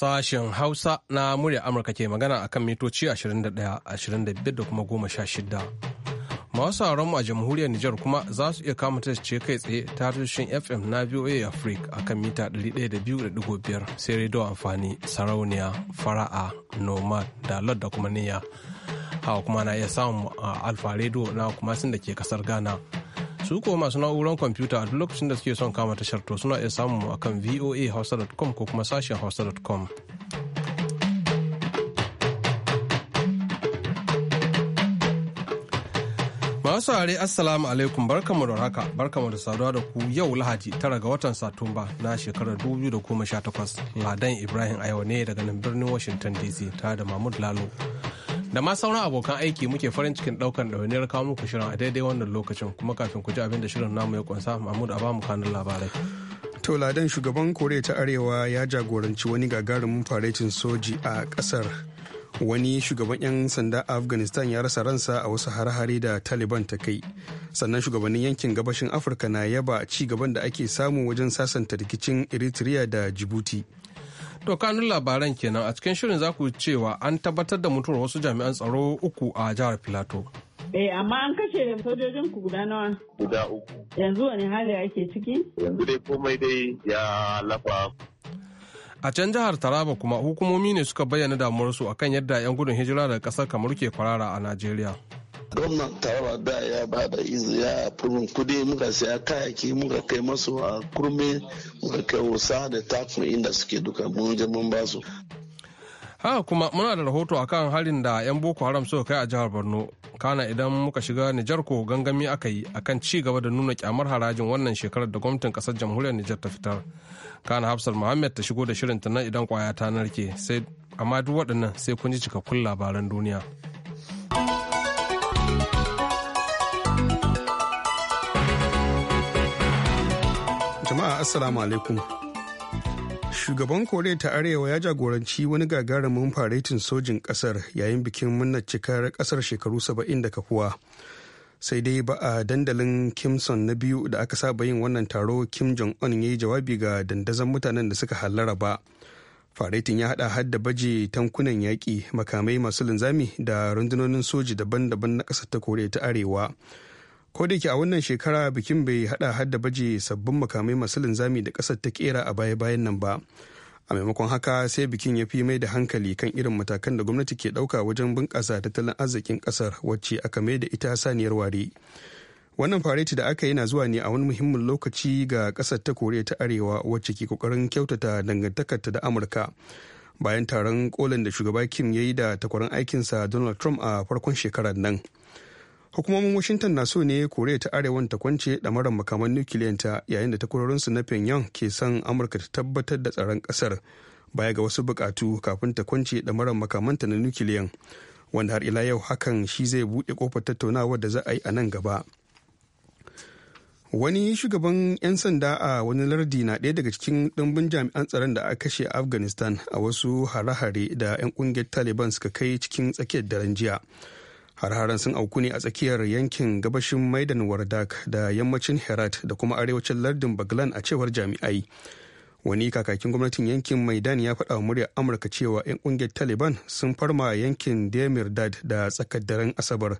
Sashen Hausa na murya Amurka ke magana akan mitoci 21, 25 da kuma 16. Masu mu a jamhuriyar Nijar kuma za su iya kama ce kai tsaye ta tushen FM na VOA Africa akan mita 102.5 sai rediyo amfani sarauniya fara'a nomad da da kuma niyya. Hawa kuma na iya samun alfa rediyo na kuma sun da ke kasar Ghana. su ko masu na'urar kwamfuta a duk lokacin da suke son kama tashar to suna iya samun mu akan voahausa.com ko kuma sashen hausa.com masu saurare assalamu alaikum barkamu da haka barkamu da saduwa da ku yau lahadi tara ga watan satumba na shekarar 2018 ladan ibrahim a ne daga nan birnin washington dc tare da mahmud lalo da ma sauran abokan aiki muke farin cikin daukan ɗawainiyar kawo muku shirin a daidai wannan lokacin kuma kafin ku ji abin da shirin namu ya kunsa mahmud a bamu kanun labarai to ladan shugaban koriya ta arewa ya jagoranci wani gagarumin faretin soji a kasar wani shugaban 'yan sanda a afghanistan ya rasa ransa a wasu har-hare da taliban ta kai sannan shugabannin yankin gabashin afirka na yaba ci gaban da ake samu wajen sasanta rikicin eritrea da jibuti To kanun labaran kenan a cikin shirin za ku cewa an tabbatar da mutuwar wasu jami'an tsaro uku a jihar Filato. Eh amma an kashe sojojin ku guda nawa? Guda uku. Yanzu wani hali ake ciki? Yanzu dai komai dai ya lafa. A can jihar Taraba kuma hukumomi ne suka bayyana damuwarsu akan yadda 'yan gudun hijira daga kasar kamar ke kwarara a Najeriya. gwamnan taraba da ya ba da izu ya furin kudi muka siya kayaki muka kai masu a kurme muka kai wasa da takun inda suke duka mun je mun ba su haka kuma muna da rahoto akan halin da 'yan boko haram suka kai a jihar borno kana idan muka shiga nijar ko gangami aka yi akan ci gaba da nuna kyamar harajin wannan shekarar da gwamnatin kasar jamhuriyar nijar ta fitar kana hafsar muhammad ta shigo da shirin ta nan idan kwaya ta narke sai amma duk waɗannan sai kun ji cikakkun labaran duniya. Jama'a Assalamu alaikum. Shugaban Koriya ta Arewa ya jagoranci wani gagarumin faretin sojin kasar yayin bikin Munna cikar kasar shekaru 70 da kafuwa. Sai dai ba a dandalin Kimson na biyu da aka saba yin wannan taro Kim Jong-un ya yi jawabi ga dandazan mutanen da suka hallara ba. faretin ya hada hadda baje tankunan yaƙi makamai masu linzami da rundunonin soji daban-daban na ƙasar ta koriya ta arewa ko da ke a wannan shekara bikin bai hada hadda baje sabbin makamai masu linzami da kasar ta kera a baya-bayan nan ba a maimakon haka sai bikin ya fi mai da hankali kan irin matakan da gwamnati ke dauka wajen bunƙasa tattalin arzikin kasar wacce aka mai da ita saniyar ware wannan fareti da aka yi na zuwa ne a wani muhimmin lokaci ga kasar ta koriya ta arewa wacce ke kokarin kyautata dangantakarta da amurka bayan taron kolin da shugaba kim ya yi da takwarar aikinsa donald trump a farkon shekarar nan hukumomin washington na so ne koreya ta arewan ta kwance ɗamarar makaman nukiliyanta yayin da takwarorinsu na pyongyang ke son amurka ta tabbatar da tsaron ƙasar baya ga wasu buƙatu kafin ta kwance ɗamarar makamanta na nukiliyan wanda har ila yau hakan shi zai buɗe kofar tattaunawar da za a yi a nan gaba wani shugaban 'yan sanda a wani lardi na ɗaya daga cikin ɗimbin jami'an tsaron da aka kashe afghanistan a wasu hare-hare da 'yan ƙungiyar taliban suka kai cikin tsakiyar daren jiya har-haren sun auku ne a tsakiyar yankin gabashin maidan wardak da yammacin herat da kuma arewacin lardin baglan a cewar jami'ai wani kakakin gwamnatin yankin maidan ya faɗa murya amurka cewa 'yan ƙungiyar taliban sun farma yankin demir-dad da tsakar daren asabar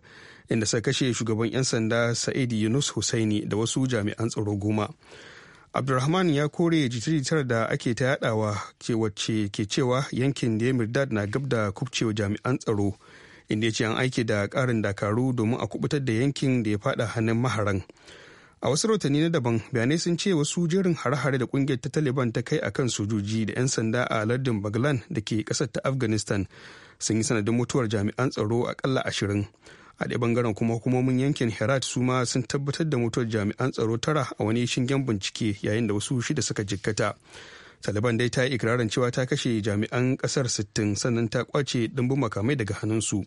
inda suka kashe shugaban 'yan sanda sa'id yunus husaini da wasu jami'an tsaro goma abdulrahman ya kore jita-jitar da ake ta yadawa wacce ke cewa yankin demirdad na gab da kubcewa jami'an tsaro inda ya ce an aiki da ƙarin dakaru domin a kubutar da yankin da ya fada hannun maharan a wasu rautani na daban bayanai sun ce wasu jerin hare-hare da kungiyar ta taliban ta kai akan sojoji da 'yan sanda a lardin baglan da ke kasar ta afghanistan sun yi sanadin mutuwar jami'an tsaro a akalla ashirin a ɗaya bangaren kuma hukumomin yankin herat su ma sun tabbatar da mutuwar jami'an tsaro tara a wani shingen bincike yayin da wasu shida suka jikkata taliban dai ta yi ikirarin cewa ta kashe jami'an kasar 60 sannan ta kwace ɗimbin makamai daga hannunsu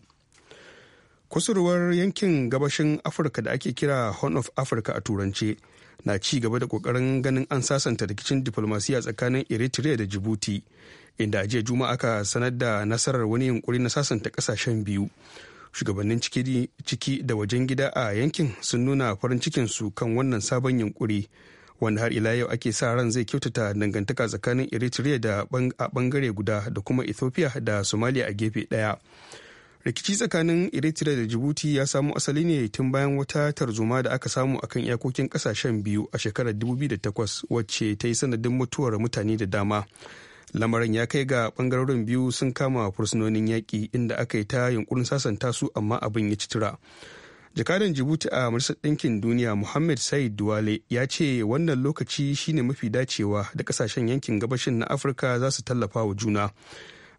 kusurwar yankin gabashin afirka da ake kira horn of africa a turance na ci gaba da kokarin ganin an sasanta rikicin diplomasiya tsakanin eritrea da djibouti inda jiya juma'a aka sanar da nasarar wani yunkuri na sasanta kasashen biyu shugabannin ciki da wajen gida a yankin sun nuna farin cikinsu kan wannan sabon yunkuri wanda har ila yau ake sa ran zai kyautata dangantaka tsakanin eritrea da a bangare guda da kuma ethiopia da somalia a gefe daya rikici tsakanin eritrea da jibuti ya samu asali ne tun bayan wata tarzoma da aka samu akan iyakokin kasashen biyu a shekarar 2008 wacce ta yi sanadin mutuwar mutane da dama lamarin ya kai ga bangarorin biyu sun kama fursunonin yaƙi inda aka yi ta yunkurin sasanta su amma abin ya ci jakadan jibuti a majalisar ɗinkin duniya muhammad said duwale ya ce wannan lokaci shine mafi dacewa da kasashen yankin gabashin na afirka za su tallafa wa juna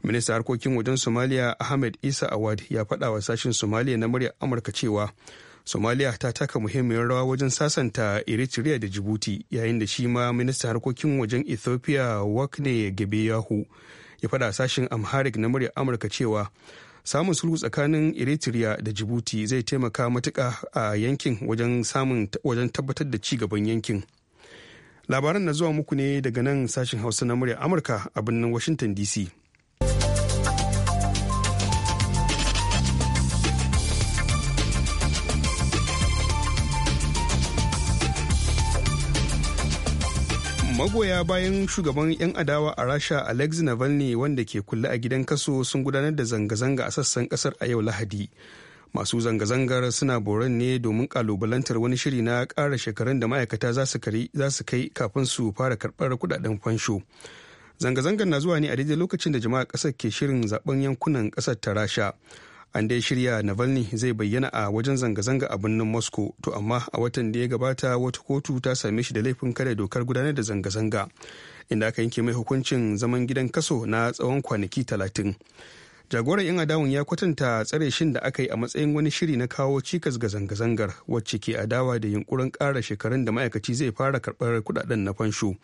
Minista harkokin wajen somaliya ahmed isa awad ya faɗa wa sashen somaliya na muryar amurka cewa somaliya ta taka muhimmiyar rawa wajen sasanta eritrea da jibuti yayin da shi ma Minista harkokin wajen ethiopia wakne gebe yahu ya faɗa sashen amharic na muryar amurka cewa samun sulhu tsakanin eritrea da jibuti zai taimaka matuka a yankin wajen samun wajen tabbatar da ci gaban yankin labaran na zuwa muku ne daga nan sashen hausa na murya amurka a birnin washington dc magoya bayan shugaban 'yan adawa a rasha alex navalny wanda ke kulle a gidan kaso sun gudanar da zanga-zanga a sassan kasar a yau lahadi masu zanga-zangar suna boran ne domin kalubalantar wani shiri na kara shekarun da ma'aikata za su kai kafin su fara karbar kudaden fansho zanga-zangar na zuwa ne a daidai lokacin da jama'a kasar ke shirin zaben yankunan kasar ta rasha an dai shirya navalny zai bayyana a wajen zanga-zanga a birnin moscow to amma a watan da ya gabata wata kotu ta same shi da laifin kare dokar gudanar da zanga-zanga inda aka yanke mai hukuncin zaman gidan kaso na tsawon kwanaki talatin jagoran yan adawun ya kwatanta tsare shin da aka yi a matsayin wani shiri na kawo cikas ga zanga-zangar wacce ke adawa da yunkurin kara shekarun da ma'aikaci zai fara karɓar kuɗaɗen na fansho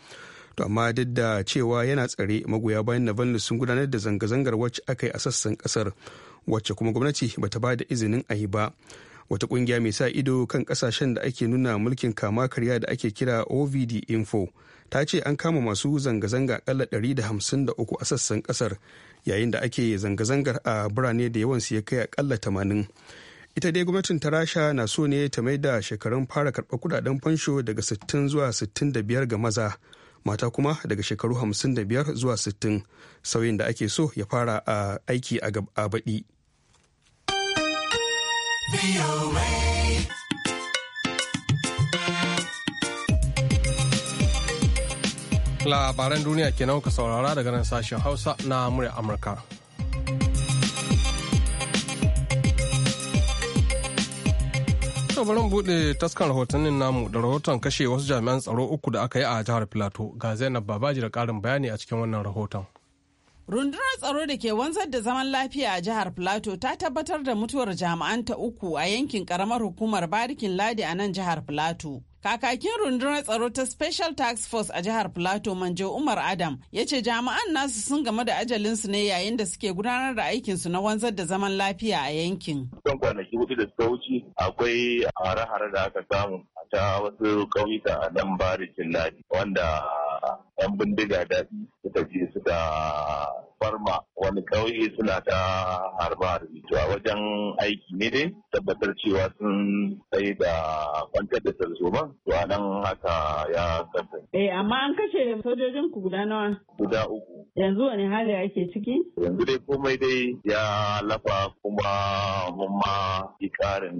to amma duk da cewa yana tsare magoya bayan navalny sun gudanar da zanga-zangar wacce aka yi a sassan ƙasar wacce kuma gwamnati bata ba da izinin a yi ba wata kungiya mai sa ido kan kasashen da ake nuna mulkin kama karya da ake kira ovd info ta ce an kama masu zanga-zanga akalla 153 a sassan kasar yayin da ake zanga-zangar a birane da yawan ya kai akalla 80 ita dai gwamnatin ta rasha na so ne ta mai da shekarun fara karɓar kudaden fansho daga 60 zuwa 65 ga maza mata kuma daga shekaru 55 zuwa 60 sauyin da ake so ya fara a aiki a baɗi. Labaran duniya ke ka saurara daga nan sashen Hausa na murya Amurka. bari mu buɗe taskan rahotannin namu da rahoton kashe wasu jami'an tsaro uku da aka yi a jihar Filato ga Zainab Babaji da ƙarin bayani a cikin wannan rahoton. Rundunar tsaro da ke wanzar da zaman lafiya a jihar plateau ta tabbatar da mutuwar jami'an ta uku a yankin karamar hukumar Barikin Ladi a nan jihar plateau Kakakin rundunar tsaro ta Special Task Force a jihar plateau Manjo Umar Adam ya ce jami'an nasu sun game da ajalinsu ne yayin da suke gudanar da aikinsu na wanzar da zaman lafiya a yankin. da suka akwai hare da aka samu ta wasu ƙauyuka a nan Barikin Ladi wanda 'yan bindiga daɗi suka je suka farma wani ƙauye suna ta harba to a wajen aiki ne dai tabbatar cewa sun sai da kwantar da tarzoma to a nan haka ya kasance. Eh amma an kashe sojojin ku guda nawa? Guda uku. Yanzu wani hali ake ciki? Yanzu dai komai dai ya lafa kuma mun ma yi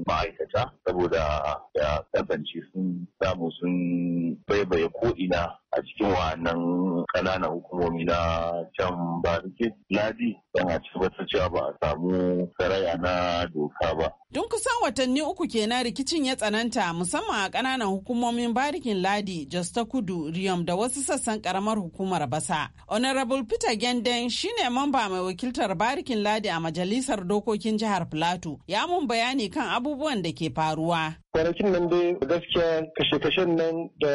ma'aikata saboda ya kasance sun samu sun baibaye ko'ina a cikin wani. waɗannan ƙananan hukumomi na can barike ladi don a cewa ba a samu saraya na doka ba. tun kusan watanni uku kenan rikicin ya tsananta musamman a ƙananan hukumomin barikin ladi Jos ta kudu Riyom da wasu sassan ƙaramar hukumar basa. Honorable Peter Genden shine mamba mai wakiltar barikin ladi a majalisar dokokin jihar Plateau ya mun bayani kan abubuwan da ke faruwa. kwanakin nan dai gaskiya kashe-kashen nan da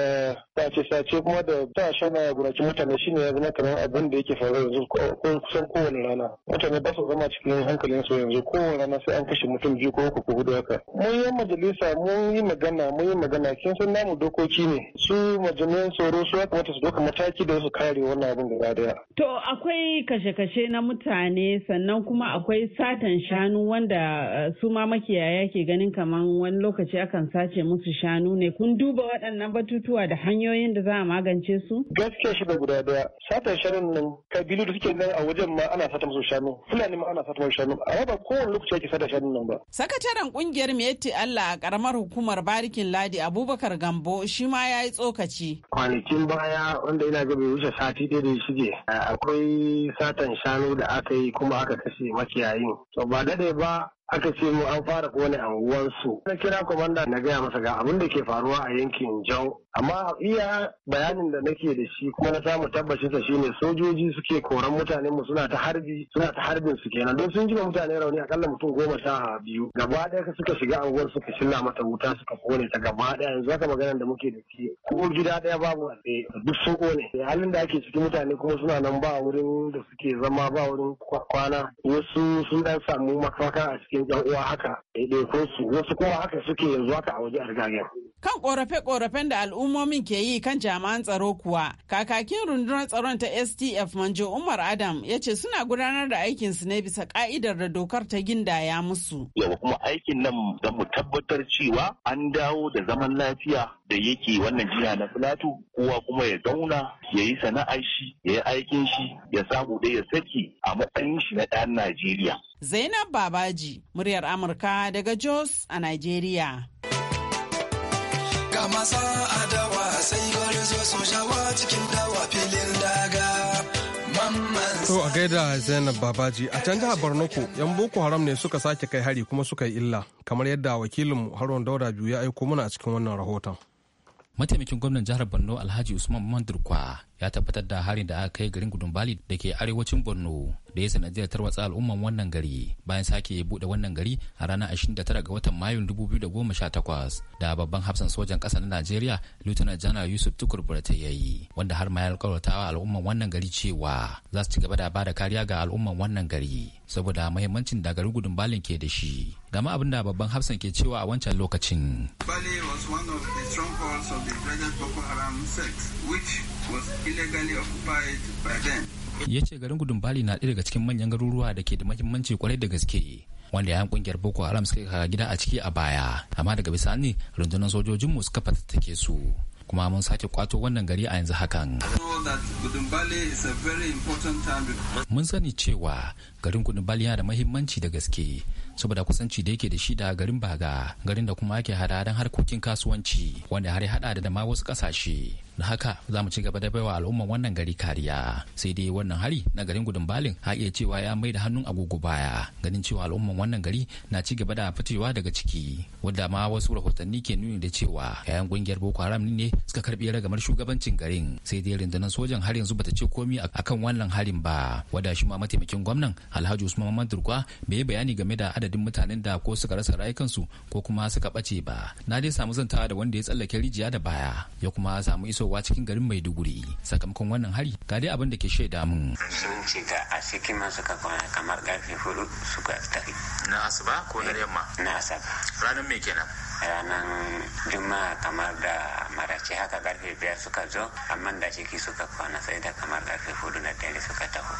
sace-sace kuma da ta shana gurakin mutane shine ya zama kamar abin da yake faru yanzu kusan kowane rana mutane ba su zama cikin hankalin su yanzu kowane rana sai an kashe mutum biyu ko uku ko hudu haka mun yi majalisa mun yi magana mun yi magana kin san namu dokoki ne su majalisar tsoro su ya kamata su doka mataki da su kare wannan abin gaba daya to akwai kashe-kashe na mutane sannan kuma akwai satan shanu wanda eh, su ma makiyaya ke ganin kamar wani lokaci Kan sace musu shanu ne kun duba waɗannan batutuwa da hanyoyin da za a magance su? Gaskiya shi da guda daya Satan shanun nan kabilu da suke nan a wajen ma ana sata musu shanu fulani ma ana sata musu shanu a ba kowane lokaci ake sata shanun nan ba. Sakataren kungiyar Mietti Allah a karamar hukumar Barikin Ladi Abubakar Gambo shi ma ya yi tsokaci. Kwanakin baya wanda ina ga bai wuce sati ɗaya da shige akwai satan shanu da aka yi kuma aka kashe makiyayin. To ba daɗe ba aka ce mu an fara kone anguwansu na kira komanda na gaya masa ga abin da ke faruwa a yankin jau amma iya bayanin da nake da shi kuma na samu tabbaci sa shine sojoji suke koran mutane mu suna ta harbi suna ta harbin su kenan don sun jima mutane rauni akalla mutum goma sha biyu gaba daya suka shiga anguwar suka shilla mata wuta suka kone ta gaba daya yanzu haka maganar da muke da ke ko gida daya babu a tsaye duk sun kone halin da ake ciki mutane kuma suna nan ba wurin da suke zama ba wurin kwana wasu sun dan samu mafaka a cikin cikin yan uwa haka ko su wasu kuma haka suke yanzu haka a waje a Kan korafe-korafen da al'ummomin ke yi kan jami'an tsaro kuwa, kakakin rundunar tsaron ta STF Manjo Umar Adam ya ce suna gudanar da aikin su ne bisa ka'idar da dokar ta gindaya musu. yau kuma aikin nan da mu tabbatar cewa an dawo da zaman lafiya da yake wannan jiha na filatu kowa kuma ya zauna ya yi sana'ar shi ya yi aikin shi ya samu da ya saki a matsayin shi na ɗan Najeriya. Zainab Babaji, muryar Amurka daga Jos a nigeria. To a gaida Zainab Babaji a can jihar Borno yan Boko Haram ne suka sake kai hari kuma suka yi illa kamar yadda wakilinmu Haruna Dauda biyu ya aiko mana a cikin wannan rahoton. Mataimakin gwamnan jihar Borno Alhaji Usman Mandurkwa ya tabbatar da harin da aka kai garin gudun bali da ke arewacin borno da ya sanadiyar tarwatsa al'umman wannan gari bayan sake bude wannan gari a ranar 29 ga watan mayun 2018 da babban hafsan sojan ƙasa na najeriya lieutenant general yusuf tukur burata ya yi wanda har ma ya alƙawarta al'umman wannan gari cewa za su ci gaba da ba da kariya ga al'umman wannan gari saboda mahimmancin da garin gudun balin ke da shi gama abin da babban hafsan ke cewa a wancan lokacin. Bali was one of the strongholds of the present Boko Haram sect, which ya ce garin gudun bali na ɗaya daga cikin manyan garuruwa da ke da mahimmanci kwarai da gaske wanda yayan kungiyar boko haram suka kaga gida a ciki a baya amma daga bisani rundunar mu suka fatattake su kuma mun sake kwato wannan gari a yanzu hakan. Mun sani cewa garin bali yana da mahimmanci da gaske saboda kusanci da yake da shi da garin Baga garin da kuma ake hada harkokin kasuwanci wanda har ya hada da ma wasu kasashe da haka za mu ci gaba da baiwa al'umman wannan gari kariya sai dai wannan hari na garin gudun balin har iya cewa ya mai da hannun agogo baya ganin cewa al'umman wannan gari na ci gaba da fitowa daga ciki wanda ma wasu rahotanni ke nuni da cewa yayan kungiyar boko haram ne suka karbi ragamar shugabancin garin sai dai rundunar sojan har yanzu bata ce komi akan wannan harin ba wanda shi ma mataimakin gwamnan alhaji usman mamman durkwa bai bayani game da adadin adadin mutanen da ko suka rasa rayukansu ko kuma suka bace ba na dai samu zantawa da wanda ya tsallake rijiya da baya ya kuma samu isowa cikin garin maiduguri sakamakon wannan hari ga dai abin da ke shaida mun sun ce a cikin man suka kwana kamar karfe hudu suka tafi na asuba ko na eh, yamma na asuba ranar me kenan ranar juma'a kamar da marace haka karfe biyar suka zo amma da ciki suka kwana sai da kamar karfe hudu na dare suka taho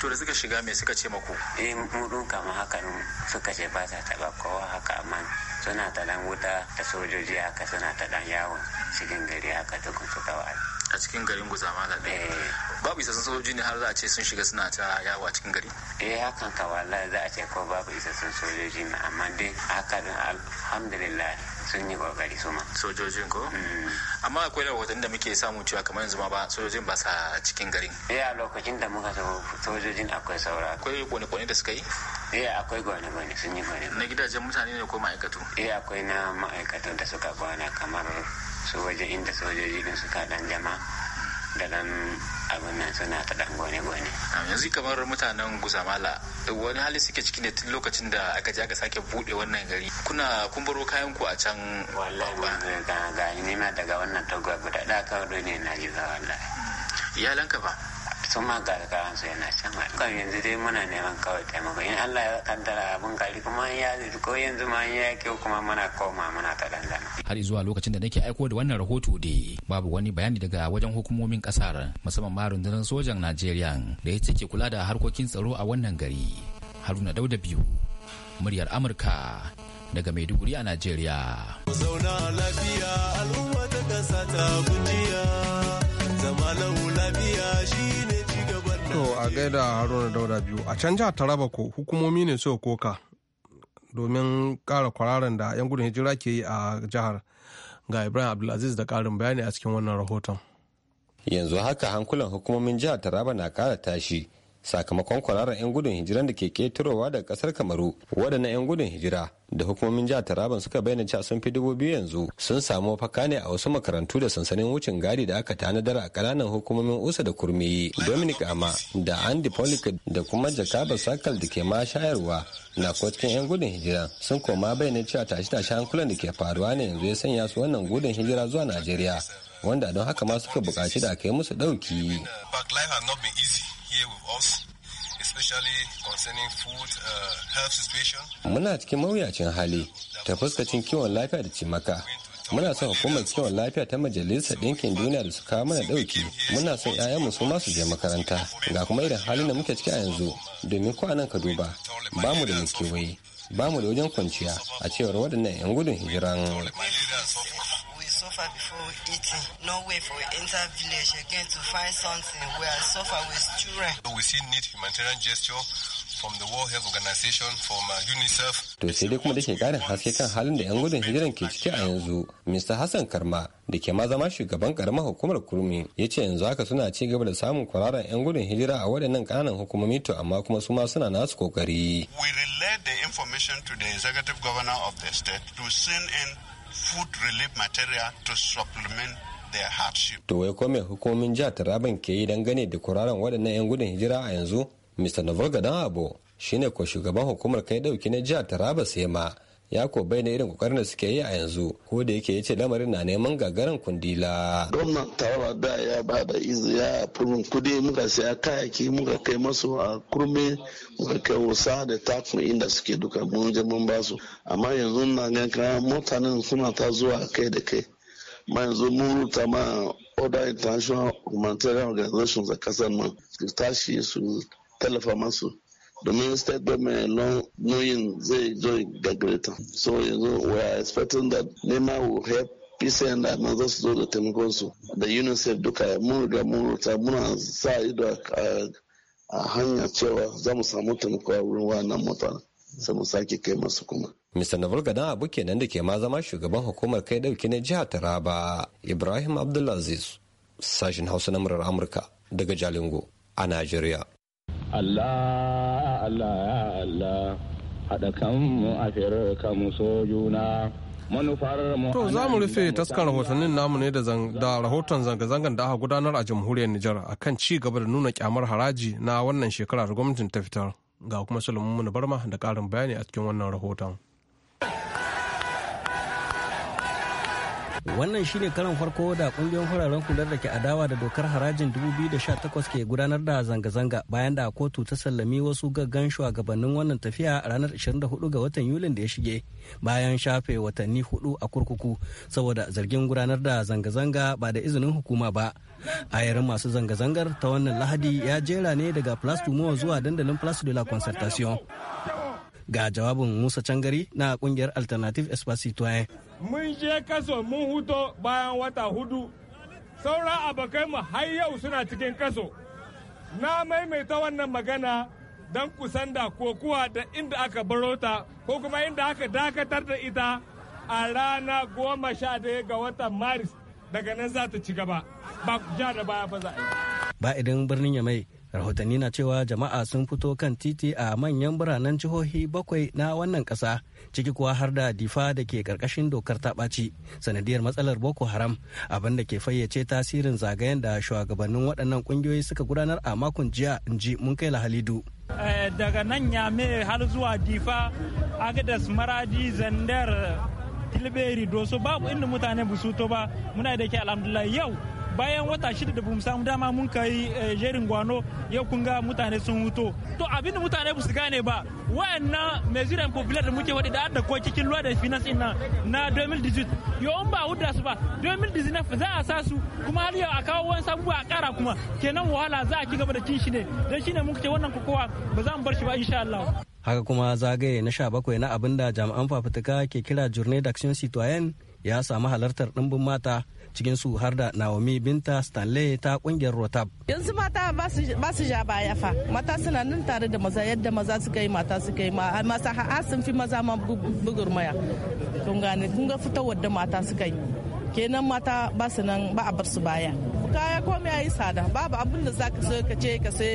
to da suka shiga me suka ce maku eh mu duka kama haka nan suka ce ba ta taba kowa haka amma suna ta dan wuta da sojoji haka suna ta dan yawon cikin gari haka dukkan suka wa'ala a cikin garin guzama da ɗaya eh. babu isassun sojoji ne har za a ce sun shiga suna ta yawo a cikin gari eh hakan ka za a ce ko babu isassun sojoji ne amma dai haka alhamdulillah sun yi kokari su ma sojojin ko mm. amma akwai rahoton da muke samu cewa kamar yanzu ma ba sojojin ba sa cikin garin eh lokacin da muka zo sojojin akwai saura akwai kone kone da suka yi eh akwai gwani gwani sun yi gwani na gidajen mutane ne ko ma'aikatu eh akwai na ma'aikatu da suka gwana kamar su waje inda sojoji suka dan jama da abin nan suna ta dan gone-gone. yanzu kamar mutanen gusamala wani hali suke ciki ne tun lokacin da aka je aka sake buɗe wannan gari kuna kun baro kayan ku a can wallahi ga ni ma daga wannan taguwa guda da kawai ne na ji zawa wallahi iyalanka ba su ma ga su yana can kan yanzu dai muna neman kawai taimako in Allah ya kaddara abun kari kuma ya ko yanzu ma ya kyau kuma muna koma muna ta dandana har zuwa lokacin da nake aiko da wannan rahoto dai babu wani bayani daga wajen hukumomin kasar musamman ma rundunar sojan Najeriya da ya ke kula da harkokin tsaro a wannan gari Haruna Dauda biyu muryar Amurka daga Maiduguri a Najeriya. Zauna lafiya al'umma ta kasa ta gujiya. da haruna dauda biyu a can jihar taraba ko hukumomi ne suka koka domin kara kwararan da 'yan gudun hijira ke yi a jihar ga ibrahim abdulaziz da karin bayani a cikin wannan rahoton yanzu haka hankulan hukumomin jihar taraba na kara tashi sakamakon kwararar 'yan gudun hijiran da ke ketarowa daga kasar kamaru waɗannan 'yan gudun hijira da hukumomin jihar taraban suka bayyana cewa sun fi dubu biyu yanzu sun samu mafaka ne a wasu makarantu da sansanin wucin gadi da aka tanadar a kananan hukumomin usa da kurmiyi dominic ama da andy polic da kuma jakaba sakal da ke ma shayarwa na ko cikin 'yan gudun hijira sun koma bayyana cewa tashe-tashe hankulan da ke faruwa ne yanzu ya sanya su wannan gudun hijira zuwa najeriya wanda don haka ma suka buƙaci da aka yi musu ɗauki. here with us especially concerning food uh, health Muna cikin mawuyacin hali ta fuskacin kiwon lafiya da cimaka. Muna son hukumar kiwon lafiya ta Majalisar Ɗinkin Duniya da su kawo mana ɗauki. Muna son 'ya'yanmu su ma su je makaranta. Ga kuma irin halin da muke ciki a yanzu domin kwanan ka duba ba mu da kewaye ba mu da wajen kwanciya a cewar waɗannan 'yan gudun hijiran. eating, no way for enter village again to find something. We are suffering with children. We still need humanitarian gesture from the World Health Organization, from uh, UNICEF. To sai dai kuma da ke gane haske kan halin da 'yan gudun hijiran ke ciki a yanzu, Mr. Hassan Karma da ke ma zama shugaban karamar hukumar kurmi ya ce yanzu haka suna ci gaba da samun kwararan 'yan gudun hijira a waɗannan ƙananan hukumomi to amma kuma su ma suna nasu kokari. We relay the information to the executive governor of the state to send in food relief material to supplement their hardship. To wai kome hukumomin jihar Taraban ke yi dangane da kuraren waɗannan 'yan gudun hijira a yanzu? Mr. Navarga Dan Abo shine ko shugaban hukumar kai dauki na jihar Taraba sai ma. ya ko bayyana irin kokarin da suke yi a yanzu ko da yake yace lamarin na neman gagaran kundila gwamnan tawara da ya ba da izu ya furin kudi muka siya kayaki muka kai masu a kurme muka kai wasa da takun inda suke duka mun je mun ba su amma yanzu na ga kayan mutanen suna ta zuwa kai da kai ma yanzu mun ruta ma order international humanitarian organizations a kasar nan su tashi su tallafa masu domin state government long knowing zai zo gagarita so yanzu we are expecting that nema will help peace and that na zasu zo da taimakon su da UNICEF duka mun ga mun muna sa ido a hanya cewa za mu samu taimako a wurin wannan mutane sai mu sake kai masu kuma. Mr. Naval gada Abu kenan da ke ma zama shugaban hukumar kai dauki na jihar Taraba Ibrahim Abdulaziz sashen Hausa na murar Amurka daga Jalingo a Najeriya. Allah Allah ya Allah haɗa kanmu so juna To za mu rufe taskar rahotannin namu ne da rahoton zanga-zangar da aka gudanar a jamhuriyar Nijar a kan ci gaba da nuna kyamar haraji na wannan shekarar da gwamnatin ta fitar. Ga kuma Sulaiman Barma da ƙarin bayani a cikin wannan rahoton. Wannan shine karan farko da kungiyoyin fararen kular da ke adawa da dokar harajin 2018 ke gudanar da zanga-zanga bayan da kotu ta sallami wasu gaggan shugabannin wannan tafiya a ranar 24 ga watan Yulin da ya shige bayan shafe watanni hudu a kurkuku saboda zargin gudanar da zanga-zanga ba da izinin hukuma ba. ayarin masu zanga-zangar ta wannan lahadi ya jera ne daga Place zuwa dandalin Place de la Concertation. ga jawabin musa cangari na kungiyar alternative espacito mun je kaso mun huto bayan wata hudu sauran abokai mu har yau suna cikin kaso na maimaita wannan magana don kusan da kokuwa da inda aka baro ta ko kuma inda aka dakatar da ita a rana goma sha daya ga watan maris daga nan za ta ci gaba ba ku ja da baya fa za a yi ba idan birnin ya mai rahotanni na cewa jama'a sun fito kan titi a manyan biranen jihohi bakwai na wannan ƙasa ciki kuwa har da difa da ke karkashin dokar taɓaci sanadiyar matsalar boko haram abin da ke fayyace tasirin zagayen da shugabannin waɗannan ƙungiyoyi suka gudanar a makon jiya in ji mun kai halidu eh, daga nan yame har zuwa difa agadas maradi zandar tilberi doso babu inda mutane busuto ba muna da ke alhamdulillah yau bayan wata shida da bamu samu dama mun kai eh, jerin gwano yau kun ga mutane sun huto to abin da mutane ba su gane ba wa'annan mezuran popular da muke wadi da adda ko cikin luwa da finance din na 2018 yau in ba huda su ba na za a sa su kuma har yau a kawo wani sabu a kara kuma kenan wahala za a ci gaba da cin ne dan shine mun kace wannan kokowa ba za mu bar shi ba insha Allah haka kuma zagaye na 17 na abin da jami'an fafutuka ke kira journée d'action citoyenne ya samu halartar dimbin mata cikin su har da Naomi Binta Stanley ta kungiyar Rotab. Yanzu mata ba su ja baya fa. Mata suna nan tare da maza yadda maza suka yi mata suka yi ma ha'a sun fi maza ma bugurmaya. Kun gane kun ga fitowar da mata suka yi. kenan mata ba su nan ba a bar su baya kaya komai yi sada babu abin da zaka so ka ce ka sai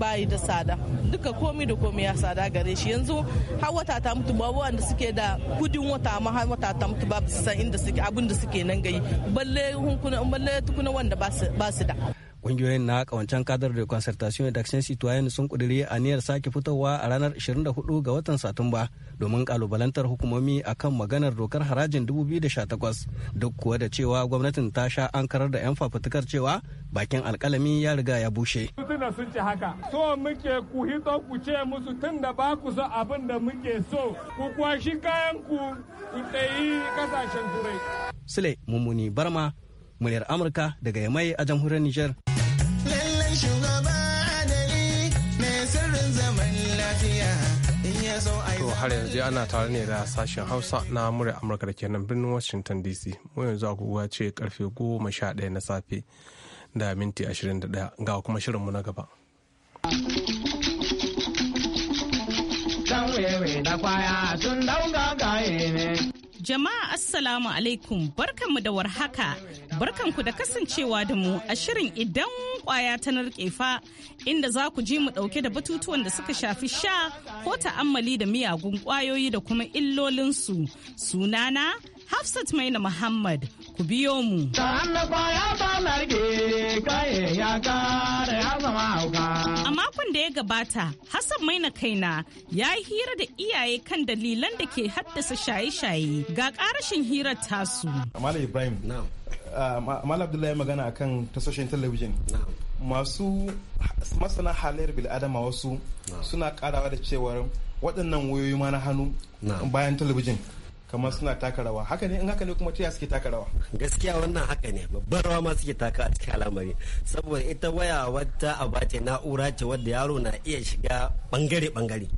bayi da sada duka komai da komai ya sada gare shi yanzu har wata ta mutu babu wanda suke da kudin wata ma har wata ta mutu babu su san inda suke abin da suke nan gayi balle hunkuna balle tukuna wanda ba su da kungiyoyin na kawancen kadar da concertation da action citoyen sun a aniyar sake fitowa a ranar 24 ga watan Satumba domin kalubalantar hukumomi akan maganar dokar harajin 2018 duk kuwa da cewa gwamnatin ta sha an karar da 'yan fafutukar cewa bakin alkalami ya riga ya bushe. Suna sun ce haka, so muke ku hito ku ce musu tun da ba ku so abin da muke so, ku kwashi kayan ku ku tsayi kasashen turai. Sule Mummuni Barma, muryar Amurka daga Yamai a jamhuriyar Nijar. har yanzu ana tare ne da sashen hausa na murya amurka da kenan birnin washington dc mu yanzu agogo ce karfe goma sha ɗaya na safe da minti ashirin da ɗaya ga kuma shirinmu na gaba Dan wewe da kwaya sun dauga gaye ne Jama'a Assalamu alaikum barkanmu da warhaka barkanku da kasancewa da mu a shirin idan kwaya ta narkefa inda za ku ji mu dauke da batutuwan da suka shafi sha ko ta'ammali da miyagun kwayoyi da kuma illolinsu sunana Hafsat Maina Muhammad ku biyo mu. A makon da ya gabata, Hassan Maina Kaina ya yi hira da iyaye kan dalilan da ke haddasa shaye-shaye ga ƙarashin hirar tasu. Malam Ibrahim, uh, Malam Abdullahi magana akan tasoshin talabijin. Masu masana halayyar bil'adama wasu suna karawa da cewar waɗannan wayoyi ma na hannu bayan talabijin. kamar suna taka rawa haka ne in haka ne kuma ta suke taka rawa gaskiya wannan haka ne babbar rawa ma suke taka a cikin al'amari saboda ita waya wata a ce na'ura ce wadda yaro na iya shiga bangare bangare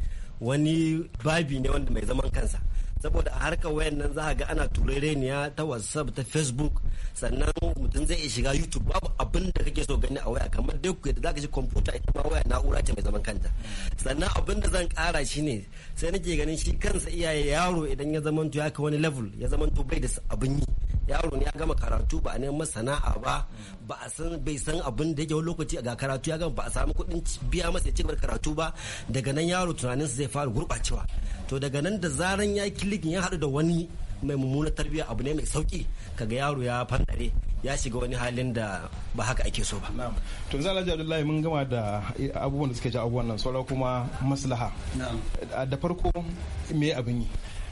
wani babi ne wanda mai zaman kansa saboda a harkar wayan nan za ga ana turereniya ta whatsapp ta facebook sannan mutum zai iya shiga youtube babu abin da kake so gani a waya kamar dai ku da zaka ji kwamfuta ita ma waya na'ura ce mai zaman kanta sannan abin da zan kara shi ne sai nake ganin shi kansa iyaye yaro idan ya zamanto ya ka wani level ya zamanto bai da abin yi yaro ne ya gama karatu ba a neman sana'a ba ba a san bai san abin da yake wa lokaci ga karatu ya gama ba a samu kuɗin biya masa ya ci gaba karatu ba daga nan yaro su zai fara gurɓacewa to daga nan da zaran ya kilikin ya haɗu da wani mai mummuna tarbiyya abu ne mai sauki kaga yaro ya fandare ya shiga wani halin da ba haka ake so ba. To za Alhaji Abdullahi mun gama da abubuwan da suke ja abubuwan nan kuma maslaha. Da farko me abin yi?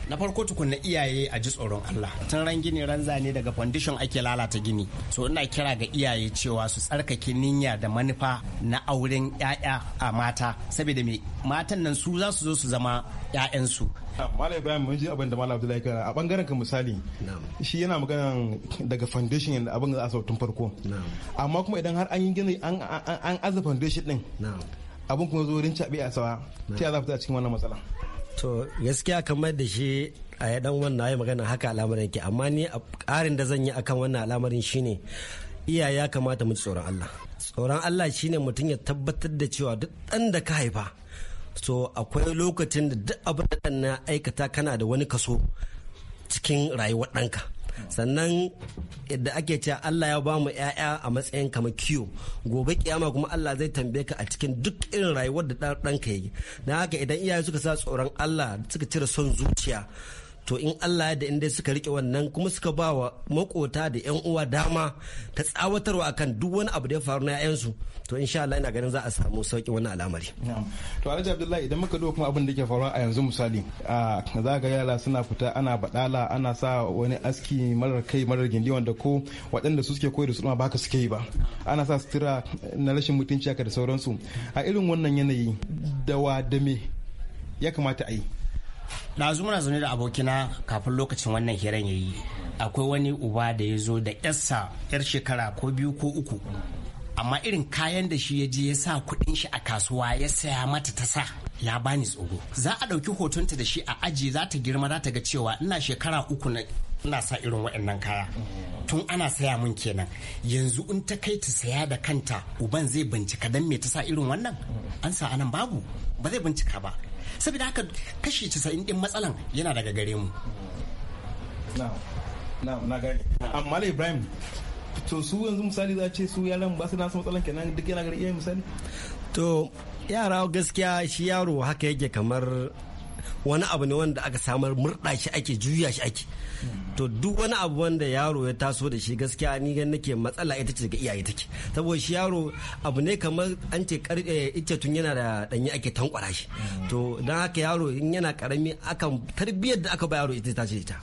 na farko tukunna iyaye a ji tsoron Allah tun ran gini ran zane daga foundation ake lalata gini so ina kira ga iyaye cewa su tsarkake niyya da manufa na auren ƴaƴa a mata saboda me matan nan su za su zo su zama su Malam Ibrahim mun ji abin da Malam Abdullahi kana a bangaren ka misali shi yana magana daga foundation yadda abin da za a tun farko amma kuma idan har an yi gini an aza foundation din abin kuma zo rin cabe a sawa ta za fita cikin wannan matsala to gaskiya kamar da shi a dan wannan ya magana haka al'amarin ke amma ni a ƙarin da zan yi akan wannan al'amarin shine iyaye ya kamata mu tsoron Allah tsoron Allah shine mutum ya tabbatar da cewa duk ɗan da ka haifa so akwai lokacin da duk abin da na aikata kana da wani kaso cikin rayuwar ɗanka sannan da ake cewa Allah ya ba mu ƴaƴa a matsayin kamar kiyo gobe kiyama kuma Allah zai tambaye ka a cikin duk irin rayuwar da ɗan ka yi don haka idan iyaye suka sa tsoron Allah suka cire son zuciya to in Allah da inda suka rike wannan kuma suka ba wa makota da yan uwa dama ta tsawatarwa akan duk wani abu da ya faru na yayansu to insha Allah ina ganin za a samu sauki wannan al'amari to Alhaji Abdullahi idan muka duba kuma abin da ke faruwa a yanzu misali a za ga yara suna fita ana badala ana sa wani aski marar kai marar gindi wanda ko waɗanda su suke koyar da su ba baka suke yi ba ana sa sutura na rashin mutunci haka da sauransu a irin wannan yanayi dawa da me ya kamata a yi ɗazu muna zaune da abokina kafin lokacin wannan hiran ya yi akwai wani uba da ya zo da yarsa yar shekara ko biyu ko uku amma irin kayan da shi ya je ya sa kuɗin shi a kasuwa ya saya mata ta sa ya bani tsoro za a ɗauki hotonta da shi a aji za ta girma za ta ga cewa ina shekara uku na ina sa irin waɗannan kaya tun ana saya mun kenan yanzu in ta kai ta saya da kanta uban zai bincika dan me ta sa irin wannan an sa anan babu ba zai bincika ba saboda haka kashi 90 din matsalan yana daga gare mu na gane ibrahim to su yanzu misali za ce su yaran ba su nasu matsalan kenan duk yana gari iya misali to yara gaskiya shi yaro haka yake kamar wani abu ne wanda aka samar murɗa shi ake juya shi ake to duk wani abu wanda yaro ya taso da shi gaskiya ni ga nake matsala ita ce daga iyaye take saboda shi yaro abu ne kamar an ce eh, ita tun yana da danyi ake tankwara shi to don haka yaro in yana karami akan tarbiyyar da aka ba yaro ita ta ce ita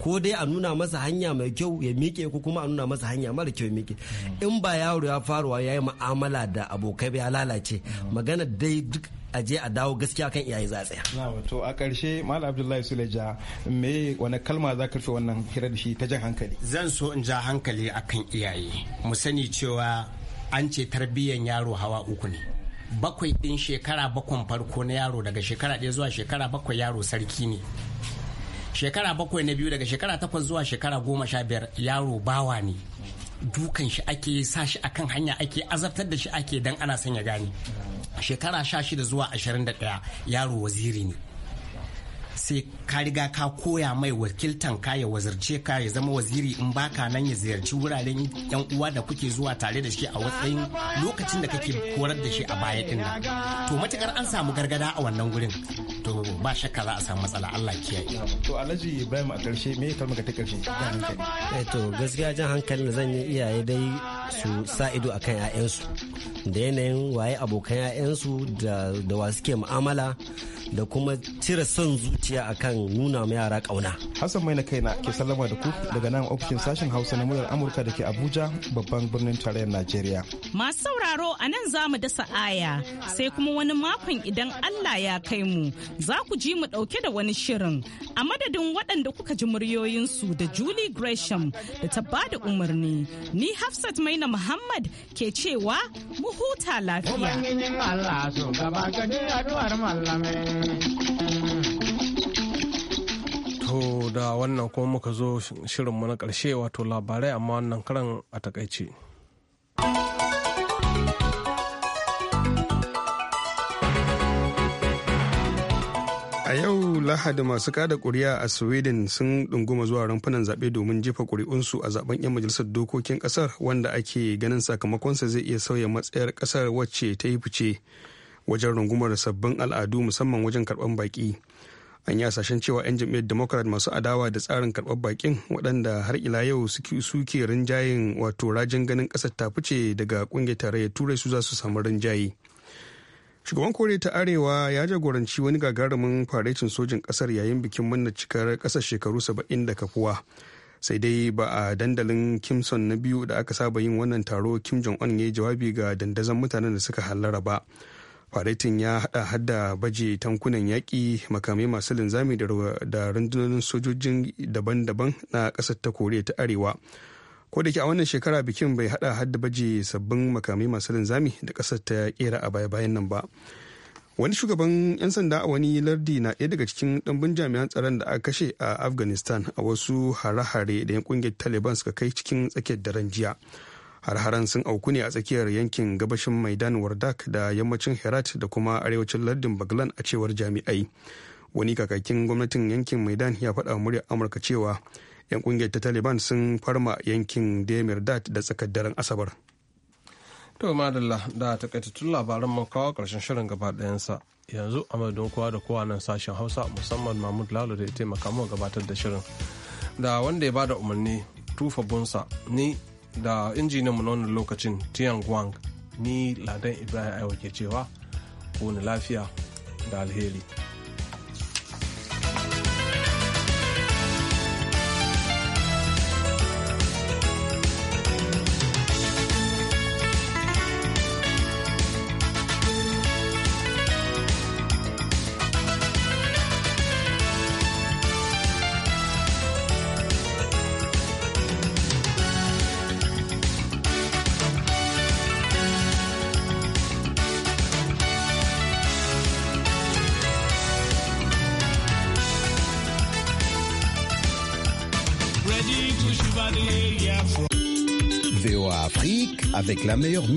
ko dai a nuna masa hanya mai kyau ya miƙe ko kuma a nuna masa hanya mara kyau ya miƙe in ba yaro ya faruwa ya yi mu'amala da abokai ya lalace magana dai duk a je a dawo gaskiya kan iyaye za a tsaya. to a ƙarshe mal abdullahi suleja me wani kalma za ka wannan hira da shi ta jan hankali. zan so in ja hankali akan iyaye mu sani cewa an ce tarbiyyan yaro hawa uku ne. bakwai ɗin shekara bakwai farko na yaro daga shekara ɗaya zuwa shekara bakwai yaro sarki ne shekara bakwai na biyu daga shekara takwas zuwa shekara goma sha biyar yaro bawa ne dukan shi ake sa shi akan hanya ake azabtar da shi ake dan ana son ya gane shekara sha shida zuwa ashirin da ɗaya yaro waziri ne sai ka riga ka koya mai wakiltan ka ya wazirce ka ya zama waziri in baka nan ya ziyarci wuraren yan uwa da kuke zuwa tare da shi a watsayin lokacin da kake horar da shi a baya din to matukar an samu gargada a wannan gurin to ba shakka za a samu matsala Allah kiyaye to alhaji Ibrahim a karshe me ka ta karshe eh to gaskiya jan hankali hankalin zan yi iyaye dai su sa ido akan 'ya'yansu da yanayin waye abokan 'ya'yansu da wa suke mu'amala da kuma cire son zuciya akan nuna ma yara kauna. Hassan mai na kai kaina ke sallama da ku daga nan ofishin sashen Hausa na muryar Amurka da ke Abuja babban birnin tarayyar Najeriya. Masu sauraro a nan za mu dasa aya sai kuma wani makon idan Allah ya kai mu za ku ji mu ɗauke da wani shirin a madadin waɗanda kuka ji muryoyinsu da Julie Gresham da ta ba da umarni. Ni Hafsat Maina Muhammad ke cewa mu huta lafiya. To da wannan kuma muka zo shirinmu na ƙarshe wato labarai amma wannan karan a takaice. yau lahadi masu kada kuri'a a sweden sun dunguma zuwa rumfunan zaɓe domin jefa kuri'unsu a zaben 'yan majalisar dokokin ƙasar wanda ake ganin sakamakonsa zai iya sauya matsayar ƙasar wacce ta yi fice wajen rungumar sabbin al'adu musamman wajen karɓar baƙi an yi hasashen cewa 'yan jam'iyyar democrat masu adawa da tsarin karɓar baƙin waɗanda har ila yau suke rinjayen wato rajin ganin ƙasar ta fice daga ƙungiyar tarayyar turai su za su samu rinjaye. shugaban koriya ta arewa ya jagoranci wani gagarumin faretin sojin kasar yayin bikin murnar cikar kasar shekaru 70 da kafuwa sai dai ba a dandalin kimson na biyu da aka saba yin wannan taro kim jong un ya yi jawabi ga dandazan mutanen da suka hallara ba faretin ya hada hada baje tankunan yaƙi makamai masu linzami da rundunonin sojojin daban-daban na ƙasar ta koriya ta arewa ko da ke a wannan shekara bikin bai hada hadda baje sabbin makamai masu linzami da kasar ta kera a baya-bayan nan ba wani shugaban 'yan sanda a wani lardi na ɗaya daga cikin ɗanbin jami'an tsaron da aka kashe a afghanistan a wasu hare-hare da yan kungiyar taliban suka kai cikin tsakiyar daren jiya har-haren sun auku ne a tsakiyar yankin gabashin maidan wardak da yammacin herat da kuma arewacin lardin baglan a cewar jami'ai wani kakakin gwamnatin yankin maidan ya faɗa muryar amurka cewa 'yan kungiyar ta taliban sun farma yankin demir dat da tsakar daren asabar to madalla da takaitattun labaran mun kawo karshen shirin gaba ɗayansa yanzu a kowa da kowa nan sashen hausa musamman mahmud lalo da ya taimaka mu gabatar da shirin da wanda ya bada umarni tufa bunsa ni da injinin mu na wannan lokacin tian guang ni ladan ibrahim aiwa ke cewa ko lafiya da alheri la meilleure